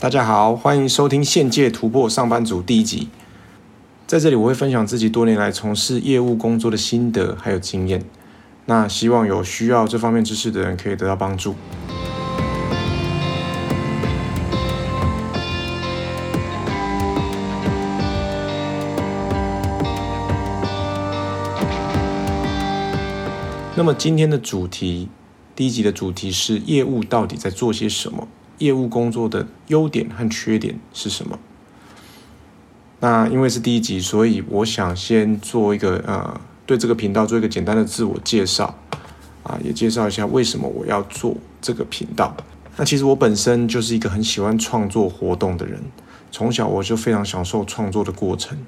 大家好，歡迎收聽《限界突破上班族》第一集。在這裡，我會分享自己多年來從事業務工作的心得還有經驗。那希望有需要這方面知識的人可以得到幫助。那麼今天的主題，第一集的主題是業務到底在做些什麼？業務工作的優點和缺點是什麼？那因為是第一集，所以我想先做一個呃，對這個頻道做一個簡單的自我介紹啊，也介紹一下為什麼我要做這個頻道。那其實我本身就是一個很喜歡創作活動的人，從小我就非常享受創作的過程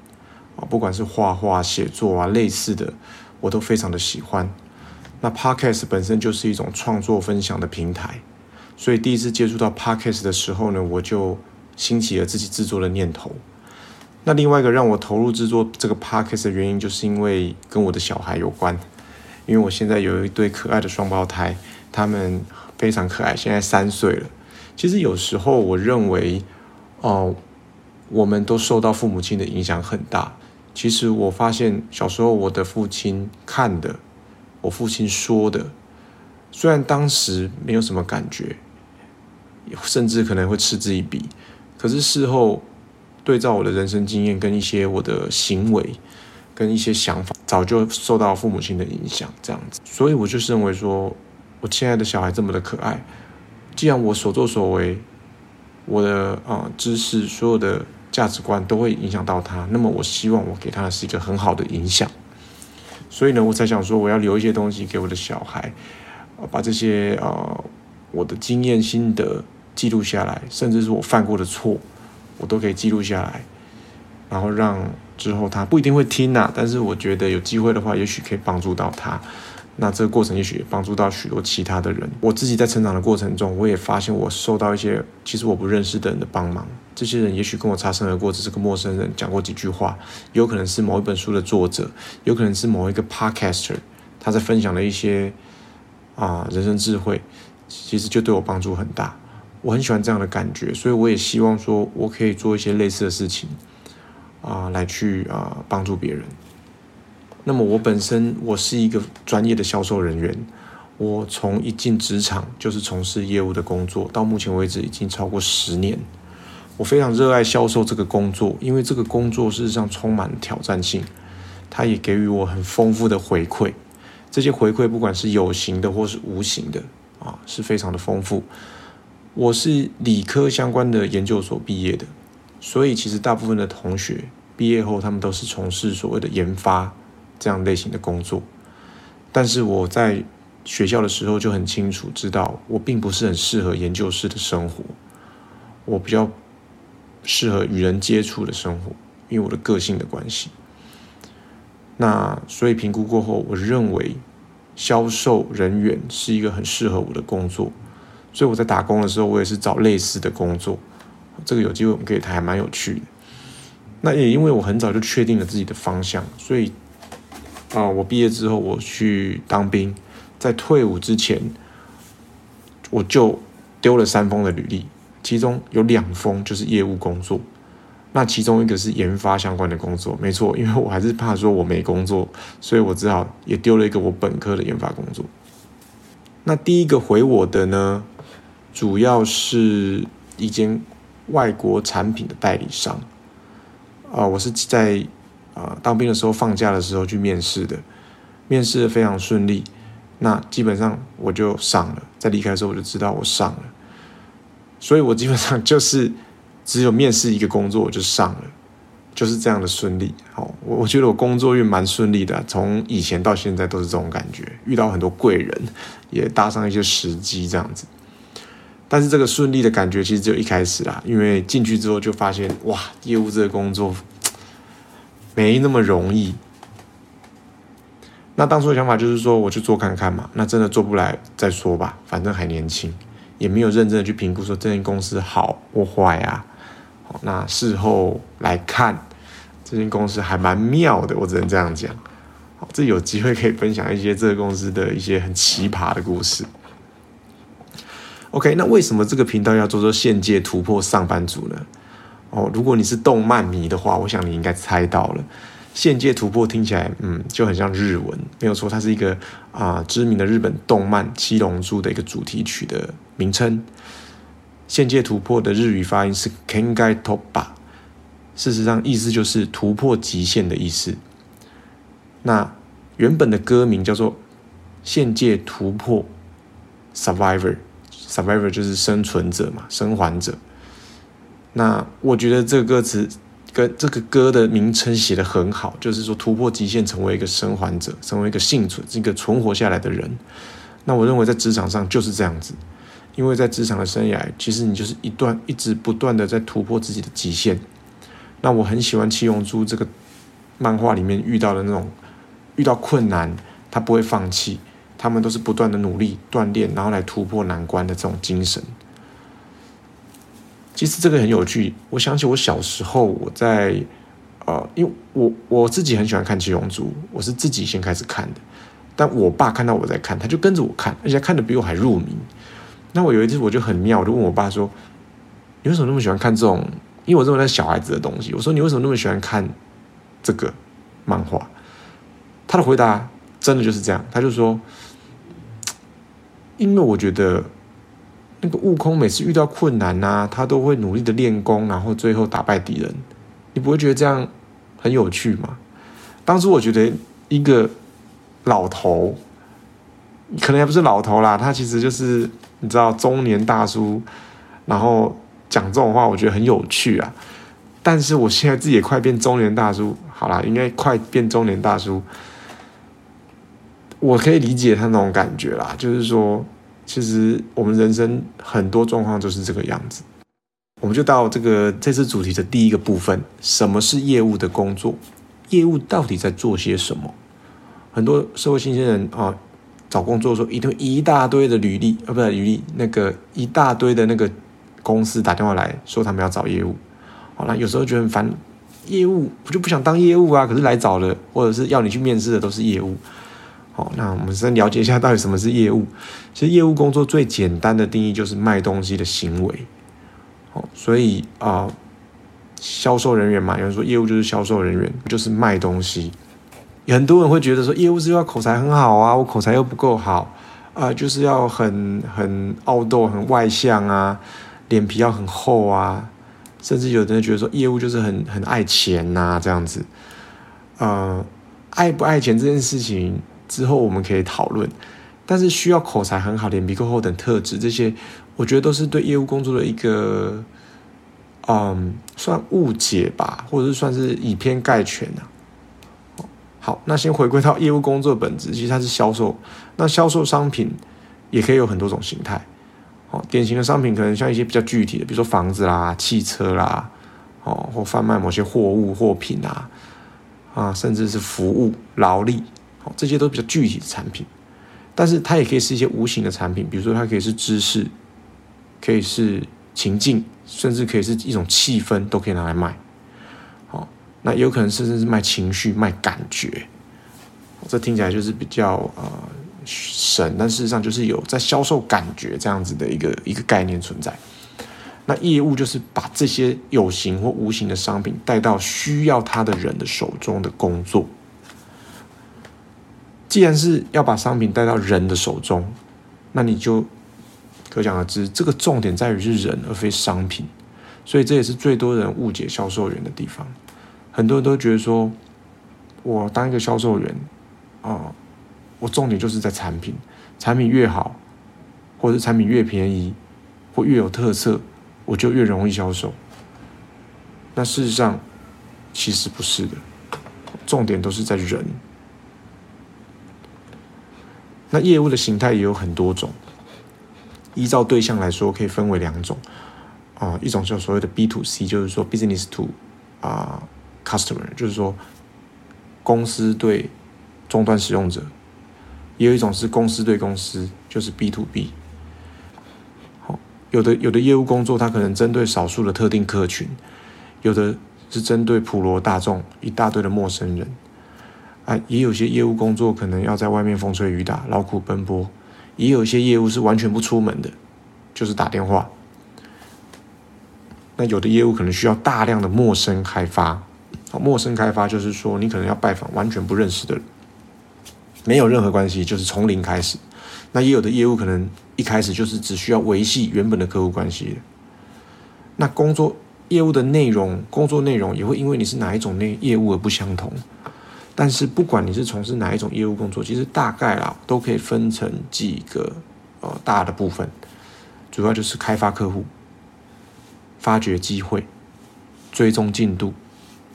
啊，不管是畫畫、寫作啊類似的，我都非常的喜歡。那 Podcast 本身就是一種創作分享的平台。所以第一次接觸到 podcast 的時候呢，我就興起了自己制作的念頭。那另外一個讓我投入制作這個 podcast 的原因，就是因為跟我的小孩有關。因為我現在有一對可愛的雙胞胎，他們非常可愛，現在三歲了。其實有時候我認為，哦、呃，我們都受到父母親的影響很大。其實我發現小時候我的父親看的，我父親說的。雖然當時沒有什麼感覺，甚至可能會嗤之以鼻，可是事後對照我的人生經驗跟一些我的行為跟一些想法，早就受到父母親的影響這樣子，所以我就是認為說，我親愛的小孩這麼的可愛，既然我所作所為，我的啊、嗯、知識所有的價值觀都會影響到他，那麼我希望我給他的是一個很好的影響，所以呢，我才想說我要留一些東西給我的小孩。把這些啊、呃，我的經驗心得記錄下來，甚至是我犯過的錯，我都可以記錄下來，然後讓之後他不一定會聽啊，但是我覺得有機會的話，也許可以幫助到他。那這個過程也許幫助到許多其他的人。我自己在成長的過程中，我也發現我受到一些其實我不認識的人的幫忙。這些人也許跟我擦身而過，只是個陌生人，講過幾句話，有可能是某一本書的作者，有可能是某一個 podcaster，他在分享了一些。啊，人生智慧其實就對我幫助很大，我很喜歡這樣的感覺，所以我也希望說我可以做一些類似的事情啊，來去啊幫助別人。那麼我本身我是一個專業的銷售人員，我從一進職場就是從事業務的工作，到目前為止已經超過十年，我非常熱愛銷售這個工作，因為這個工作事實上充滿挑戰性，它也給予我很豐富的回饋。這些回饋，不管是有形的或是無形的，啊，是非常的豐富。我是理科相關的研究所畢業的，所以其實大部分的同學畢業後，他們都是從事所謂的研發這樣類型的工作。但是我在學校的時候就很清楚知道，我並不是很適合研究室的生活，我比較適合與人接觸的生活，因為我的個性的關係。那所以評估過後，我認為銷售人員是一個很適合我的工作，所以我在打工的時候，我也是找類似的工作。這個有機會我們可以談，還蠻有趣的。那也因為我很早就確定了自己的方向，所以啊、呃，我畢業之後我去當兵，在退伍之前，我就丟了三封的履歷，其中有兩封就是業務工作。那其中一個是研發相關的工作，沒錯，因為我還是怕說我沒工作，所以我只好也丟了一個我本科的研發工作。那第一個回我的呢，主要是一間外國產品的代理商。啊、呃，我是在啊、呃、當兵的時候放假的時候去面試的，面試的非常順利，那基本上我就上了，在離開的時候我就知道我上了，所以我基本上就是。只有面試一個工作我就上了，就是這樣的順利。好，我我覺得我工作運蠻順利的，從以前到現在都是這種感覺。遇到很多貴人，也搭上一些時機這樣子。但是這個順利的感覺其實只有一開始啦，因為進去之後就發現哇，業務這個工作沒那麼容易。那當初的想法就是說，我去做看看嘛。那真的做不來再說吧，反正還年輕，也沒有認真的去評估說這間公司好或壞啊。那事後來看，這間公司還蠻妙的，我只能這樣講。好，這有機會可以分享一些這個公司的一些很奇葩的故事。OK，那為什麼這個頻道要做做限界突破上班族呢？哦，如果你是動漫迷的話，我想你應該猜到了。限界突破聽起來，嗯，就很像日文，沒有錯，它是一個啊、呃、知名的日本動漫《七龍珠》的一個主題曲的名稱。限界突破的日語發音是 “kengai toppa”，事實上意思就是突破極限的意思。那原本的歌名叫做“限界突破 ”，survivor，survivor Survivor 就是生存者嘛，生還者。那我覺得這個歌詞跟這個歌的名稱寫得很好，就是說突破極限，成為一個生還者，成為一個倖存，一個存活下來的人。那我認為在職場上就是這樣子。因為在職場的生涯，其實你就是一段一直不斷的在突破自己的極限。那我很喜歡《七龍珠》這個漫畫裡面遇到的那種遇到困難，他不會放棄，他們都是不斷的努力鍛鍊，然後來突破難關的這種精神。其實這個很有趣，我想起我小時候，我在呃，因為我我自己很喜歡看《七龍珠》，我是自己先開始看的，但我爸看到我在看，他就跟着我看，而且看得比我還入迷。那我有一次，我就很妙，我就問我爸說：“你為什麼那麼喜歡看這種？因為我認為那是小孩子的東西。”我說：“你為什麼那麼喜歡看這個漫畫？”他的回答真的就是這樣，他就說：“因為我覺得那個悟空每次遇到困難啊，他都會努力的練功，然後最後打敗敵人。你不會覺得這樣很有趣嗎？”當初我覺得一個老頭，可能也不是老頭啦，他其實就是。你知道中年大叔，然後講這種話，我覺得很有趣啊。但是我現在自己也快變中年大叔，好啦，應該快變中年大叔。我可以理解他那種感覺啦，就是說，其實我們人生很多狀況就是這個樣子。我們就到這個這次主題的第一個部分：什麼是業務的工作？業務到底在做些什麼？很多社會新鮮人啊。哦找工作的時候，一堆一大堆的履歷，啊，不是履歷，那個一大堆的那個公司打電話來說他們要找業務，好了，有時候覺得很煩，業務我就不想當業務啊，可是來找了或者是要你去面試的都是業務，好，那我們先了解一下到底什麼是業務。其實業務工作最簡單的定義就是賣東西的行為，哦，所以啊，呃，銷售人員嘛，有人說業務就是銷售人員，就是賣東西。很多人會覺得說，業務是要口才很好啊，我口才又不夠好啊、呃，就是要很很 outdoor、很外向啊，臉皮要很厚啊，甚至有的人覺得說，業務就是很很愛錢吶、啊，這樣子、呃。愛不愛錢這件事情之後我們可以討論，但是需要口才很好、臉皮夠厚等特質這些，我覺得都是對業務工作的一個，嗯、呃，算誤解吧，或者是算是以偏概全啊。好，那先回歸到業務工作本質，其實它是銷售。那銷售商品也可以有很多種形態。哦，典型的商品可能像一些比較具體的，比如說房子啦、汽車啦，哦，或販賣某些貨物貨品啊，啊，甚至是服務勞力，哦，這些都比較具體的產品。但是它也可以是一些無形的產品，比如說它可以是知識，可以是情境，甚至可以是一種氣氛，都可以拿來賣。那有可能甚至是賣情緒、賣感覺，這聽起來就是比較呃神，但事實上就是有在銷售感覺這樣子的一個一個概念存在。那業務就是把這些有形或無形的商品帶到需要它的人的手中的工作。既然是要把商品帶到人的手中，那你就可想而知，這個重點在於是人而非商品，所以這也是最多人誤解銷售員的地方。很多人都覺得說，我當一個銷售員啊、呃，我重點就是在產品，產品越好，或者產品越便宜，或越有特色，我就越容易銷售。那事實上其實不是的，重點都是在人。那業務的形態也有很多種，依照對象來說，可以分為兩種啊、呃，一種就是所謂的 B to C，就是說 Business to 啊、呃。customer 就是說，公司對終端使用者，也有一種是公司對公司，就是 B to B。好，有的有的業務工作，它可能針對少數的特定客群，有的是針對普羅大眾，一大堆的陌生人。啊，也有些業務工作可能要在外面風吹雨打、勞苦奔波，也有些業務是完全不出門的，就是打電話。那有的業務可能需要大量的陌生開發。陌生開發就是說，你可能要拜訪完全不認識的人，沒有任何關係，就是從零開始。那也有的業務可能一開始就是只需要維繫原本的客戶關係。那工作業務的內容，工作內容也會因為你是哪一種內業務而不相同。但是不管你是從事哪一種業務工作，其實大概啊都可以分成幾個呃大的部分，主要就是開發客戶、發掘機會、追蹤進度、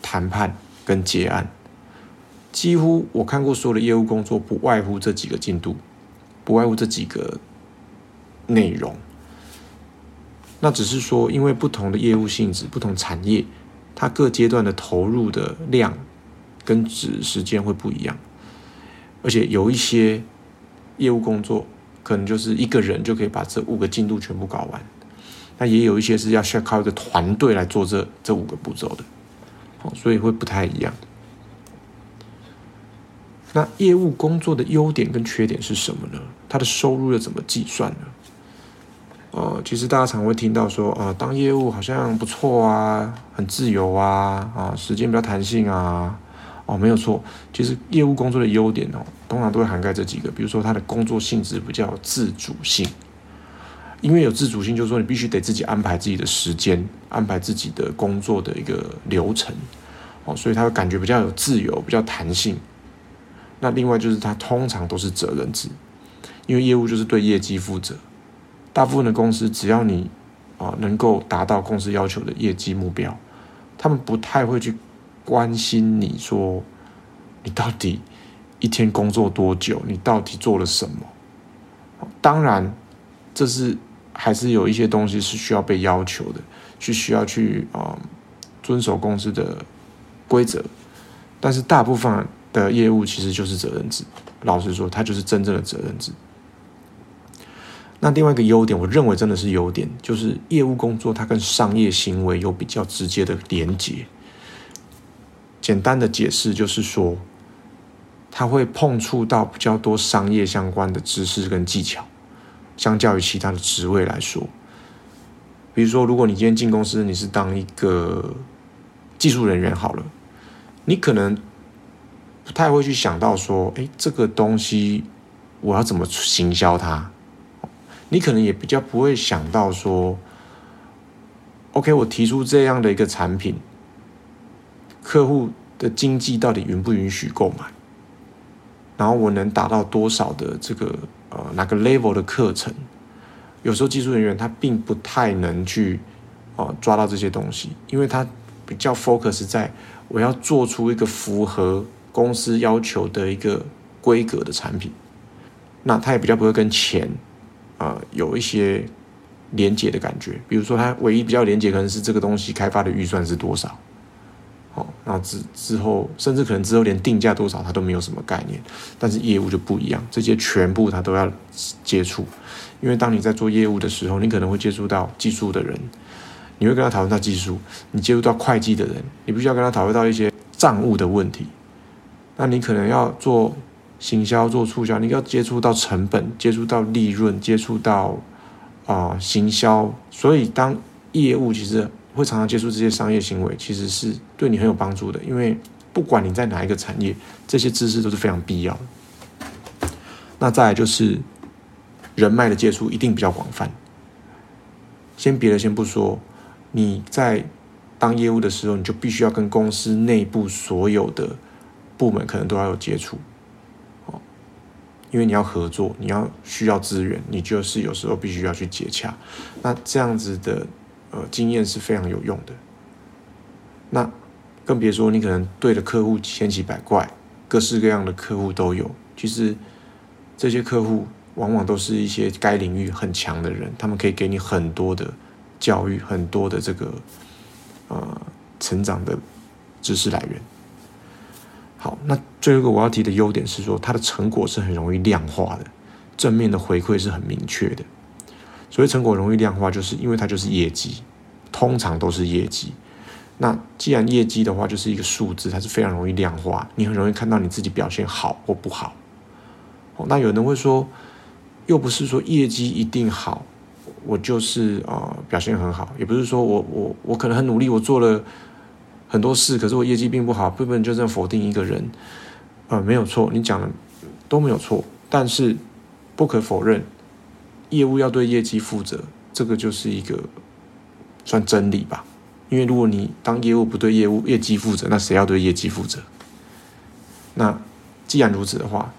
談判跟結案，幾乎我看過所有的業務工作，不外乎這幾個進度，不外乎這幾個內容。那只是說，因為不同的業務性質、不同產業，它各階段的投入的量跟時時間會不一樣。而且有一些業務工作，可能就是一個人就可以把這五個進度全部搞完。那也有一些是要靠一個團隊來做這這五個步驟的。所以會不太一樣。那業務工作的優點跟缺點是什麼呢？它的收入又怎麼計算呢？呃，其實大家常會聽到說，呃，當業務好像不錯啊，很自由啊，啊、呃，時間比較彈性啊。哦，沒有錯，其實業務工作的優點哦，通常都會涵蓋這幾個，比如說它的工作性質比較自主性。因為有自主性，就是說你必須得自己安排自己的時間，安排自己的工作的一個流程，哦，所以他會感覺比較有自由，比較彈性。那另外就是他通常都是責任制，因為業務就是對業績負責。大部分的公司只要你啊、哦、能夠達到公司要求的業績目標，他們不太會去關心你說你到底一天工作多久，你到底做了什麼。哦、當然，這是。還是有一些東西是需要被要求的，是需要去啊、嗯、遵守公司的規則。但是大部分的業務其實就是責任制，老實說，它就是真正的責任制。那另外一個優點，我認為真的是優點，就是業務工作它跟商業行為有比較直接的連結。簡單的解釋就是說，它會碰觸到比較多商業相關的知識跟技巧。相較於其他的職位來說，比如說，如果你今天進公司，你是當一個技術人員好了，你可能不太會去想到說，哎，這個東西我要怎麼行銷它？你可能也比較不會想到說，OK，我提出這樣的一個產品，客戶的經濟到底允不允許購買？然後我能達到多少的這個？呃，哪個 level 的課程？有時候技術人員他並不太能去哦抓到這些東西，因為他比較 focus 在我要做出一個符合公司要求的一個規格的產品，那他也比較不會跟錢啊有一些連結的感覺。比如說，他唯一比較連結可能是這個東西開發的預算是多少。哦，那之之後，甚至可能之後連定價多少他都沒有什麼概念，但是業務就不一樣，這些全部他都要接觸，因為當你在做業務的時候，你可能會接觸到技術的人，你會跟他討論到技術，你接觸到會計的人，你必須要跟他討論到一些賬務的問題，那你可能要做行銷，做促銷，你要接觸到成本，接觸到利潤，接觸到啊、呃、行銷，所以當業務其實，會常常接觸這些商業行為，其實是對你很有幫助的。因為不管你在哪一個產業，這些知識都是非常必要的。那再來就是人脈的接觸一定比較廣泛。先別的先不說，你在當業務的時候，你就必須要跟公司內部所有的部門可能都要有接觸，哦，因為你要合作，你要需要資源，你就是有時候必須要去接洽。那這樣子的。呃，經驗是非常有用的。那更別說你可能對的客戶千奇百怪，各式各樣的客戶都有。其實這些客戶往往都是一些該領域很強的人，他們可以給你很多的教育，很多的這個呃成長的知識來源。好，那最後一個我要提的優點是說，他的成果是很容易量化的，正面的回饋是很明確的。所以成果容易量化，就是因為它就是業績，通常都是業績。那既然業績的話，就是一個數字，它是非常容易量化。你很容易看到你自己表現好或不好。哦、那有人會說，又不是說業績一定好，我就是啊、呃、表現很好，也不是說我我我可能很努力，我做了很多事，可是我業績並不好，不能就這樣否定一個人。呃，沒有錯，你講的都沒有錯，但是不可否認。業務要對業績負責，這個就是一個算真理吧。因為如果你當業務不對業務業績負責，那誰要對業績負責？那既然如此的話，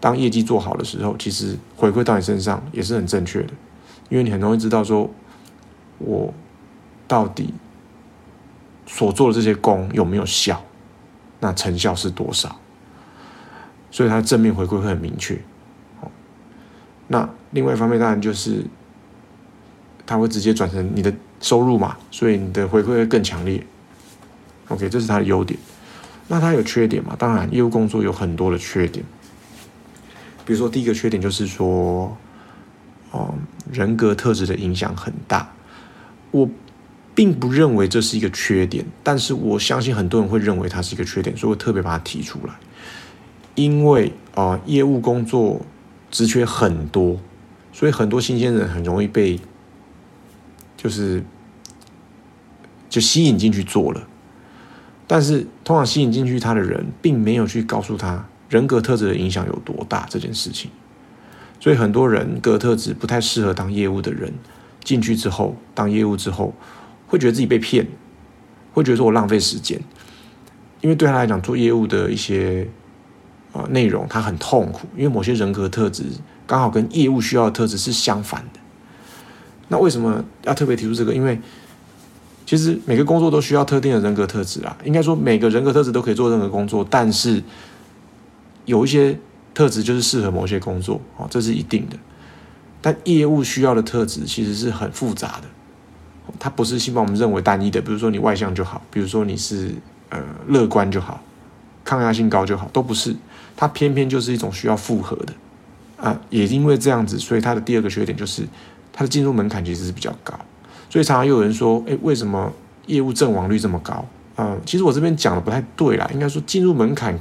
當業績做好的時候，其實回饋到你身上也是很正確的，因為你很容易知道說，我到底所做的這些工有沒有效，那成效是多少，所以它的正面回饋會很明確。那，另外一方面，當然就是，它會直接轉成你的收入嘛，所以你的回饋會更強烈。OK，這是它的優點。那它有缺點嘛？當然，業務工作有很多的缺點。比如說，第一個缺點就是說，哦、呃，人格特質的影響很大。我並不認為這是一個缺點，但是我相信很多人會認為它是一個缺點，所以我特別把它提出來，因為啊、呃，業務工作職缺很多。所以很多新鮮人很容易被，就是，就吸引進去做了，但是通常吸引進去他的人，並沒有去告訴他人格特質的影響有多大這件事情，所以很多人格特質不太適合當業務的人，進去之後當業務之後，會覺得自己被騙，會覺得說我浪費時間，因為對他來講做業務的一些。啊，內容它很痛苦，因為某些人格特質剛好跟業務需要的特質是相反的。那為什麼要特別提出這個？因為其實每個工作都需要特定的人格特質啊。應該說，每個人格特質都可以做任何工作，但是有一些特質就是適合某些工作啊，這是一定的。但業務需要的特質其實是很複雜的，它不是希望我們認為單一的，比如說你外向就好，比如說你是呃樂觀就好，抗壓性高就好，都不是。它偏偏就是一種需要複合的，啊、呃，也因為這樣子，所以它的第二個缺點就是，它的進入門檻其實是比較高，所以常常有人說，哎，為什麼業務陣亡率這麼高？嗯、呃，其實我這邊講的不太對啦，應該說，進入門檻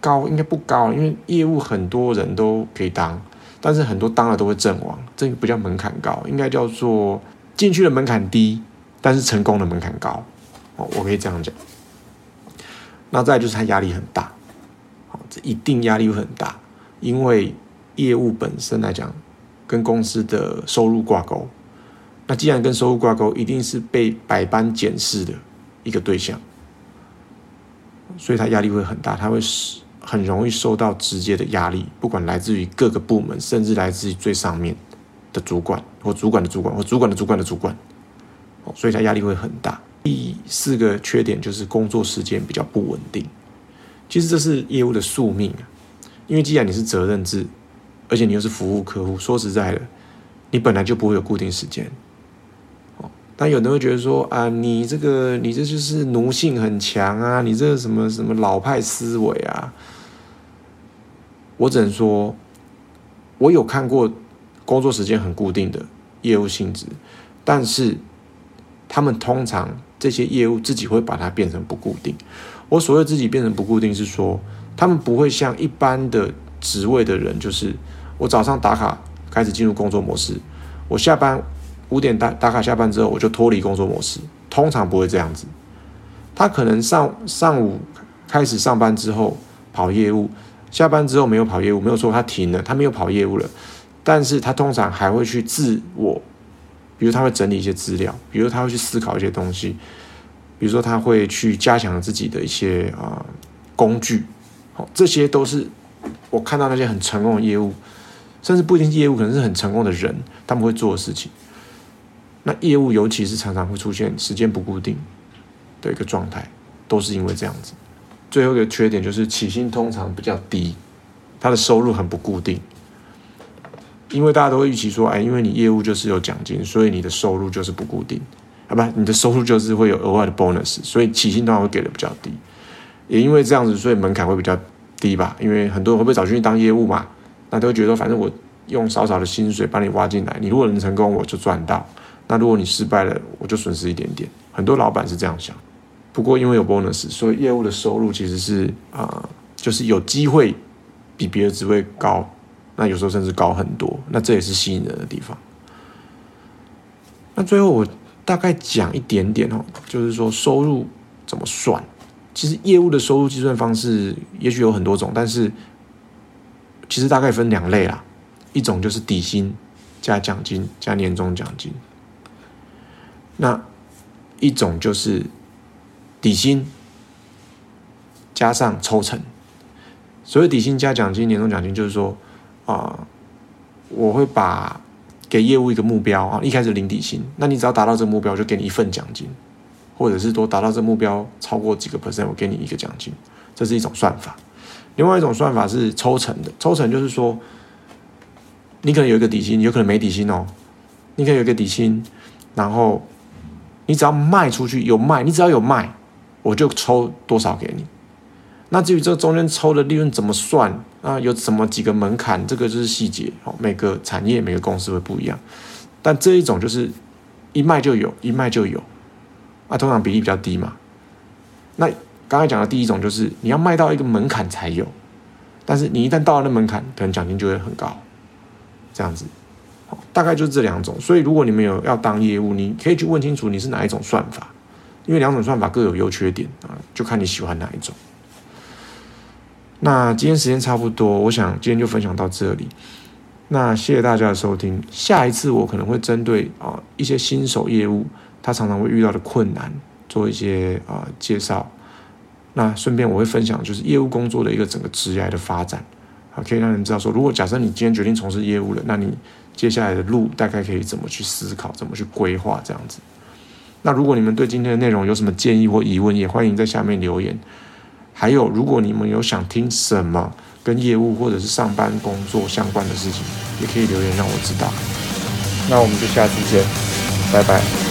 高應該不高，因為業務很多人都可以當，但是很多當了都會陣亡，這個不叫門檻高，應該叫做進去的門檻低，但是成功的門檻高，哦，我可以這樣講。那再來就是它壓力很大。一定壓力會很大，因為業務本身來講，跟公司的收入掛鈎。那既然跟收入掛鈎，一定是被百般檢視的一個對象，所以他壓力會很大，他會很容易受到直接的壓力，不管來自於各個部門，甚至來自於最上面的主管，或主管的主管，或主管的主管的主管。所以他壓力會很大。第四個缺點就是工作時間比較不穩定。其實這是業務的宿命啊，因為既然你是責任制，而且你又是服務客戶，說實在的，你本來就不會有固定時間哦。但有人會覺得說啊，你這個你這就是奴性很強啊，你這個什麼什麼老派思維啊。我只能說，我有看過工作時間很固定的業務性質，但是他們通常這些業務自己會把它變成不固定。我所謂自己變成不固定，是說他們不會像一般的職位的人，就是我早上打卡開始進入工作模式，我下班五點打打卡下班之後，我就脫離工作模式，通常不會這樣子。他可能上上午開始上班之後跑業務，下班之後沒有跑業務，沒有說他停了，他沒有跑業務了，但是他通常還會去自我，比如他會整理一些資料，比如他會去思考一些東西。比如說，他會去加強自己的一些啊工具，好，這些都是我看到那些很成功的業務，甚至不一定是業務，可能是很成功的人，他們會做的事情。那業務尤其是常常會出現時間不固定的一個狀態，都是因為這樣子。最後一個缺點就是起薪通常比較低，他的收入很不固定，因為大家都會預期說，哎，因為你業務就是有獎金，所以你的收入就是不固定。好吧，你的收入就是會有額外的 bonus，所以起薪當然會給的比較低，也因為這樣子，所以門檻會比較低吧。因為很多人會被找進去當業務嘛，那都會覺得反正我用少少的薪水把你挖進來，你如果能成功，我就賺到；那如果你失敗了，我就損失一點點。很多老闆是這樣想。不過因為有 bonus，所以業務的收入其實是啊、呃，就是有機會比別的職位高，那有時候甚至高很多。那這也是吸引人的地方。那最後我。大概講一點點哦，就是說收入怎麼算。其實業務的收入計算方式也許有很多種，但是其實大概分兩類啦。一種就是底薪加獎金加年終獎金，那一種就是底薪加上抽成。所謂底薪加獎金、年終獎金，就是說啊、呃，我會把。給業務一個目標啊，一開始零底薪，那你只要達到這個目標，我就給你一份獎金，或者是說達到這個目標超過幾個 percent，我給你一個獎金，這是一種算法。另外一種算法是抽成的，抽成就是說，你可能有一個底薪，你有可能沒底薪哦，你可以有一個底薪，然後你只要賣出去，有賣，你只要有賣，我就抽多少給你。那至於這中間抽的利潤怎麼算啊？有什麼幾個門檻？這個就是細節哦。每個產業、每個公司會不一樣。但這一種就是一賣就有，一賣就有啊。通常比例比較低嘛。那剛才講的第一種就是你要賣到一個門檻才有，但是你一旦到了那門檻，可能獎金就會很高。這樣子，大概就是這兩種。所以，如果你們有要當業務，你可以去問清楚你是哪一種算法，因為兩種算法各有優缺點啊，就看你喜歡哪一種。那今天時間差不多，我想今天就分享到這裡。那謝謝大家的收聽。下一次我可能會針對啊、呃、一些新手業務，他常常會遇到的困難做一些啊、呃、介紹。那順便我會分享，就是業務工作的一個整個職業的發展，好，可以讓你們知道說，如果假設你今天決定從事業務了，那你接下來的路大概可以怎麼去思考，怎麼去規劃這樣子。那如果你們對今天的內容有什麼建議或疑問，也歡迎在下面留言。還有，如果你們有想聽什麼跟業務或者是上班工作相關的事情，也可以留言讓我知道。那我們就下次見，拜拜。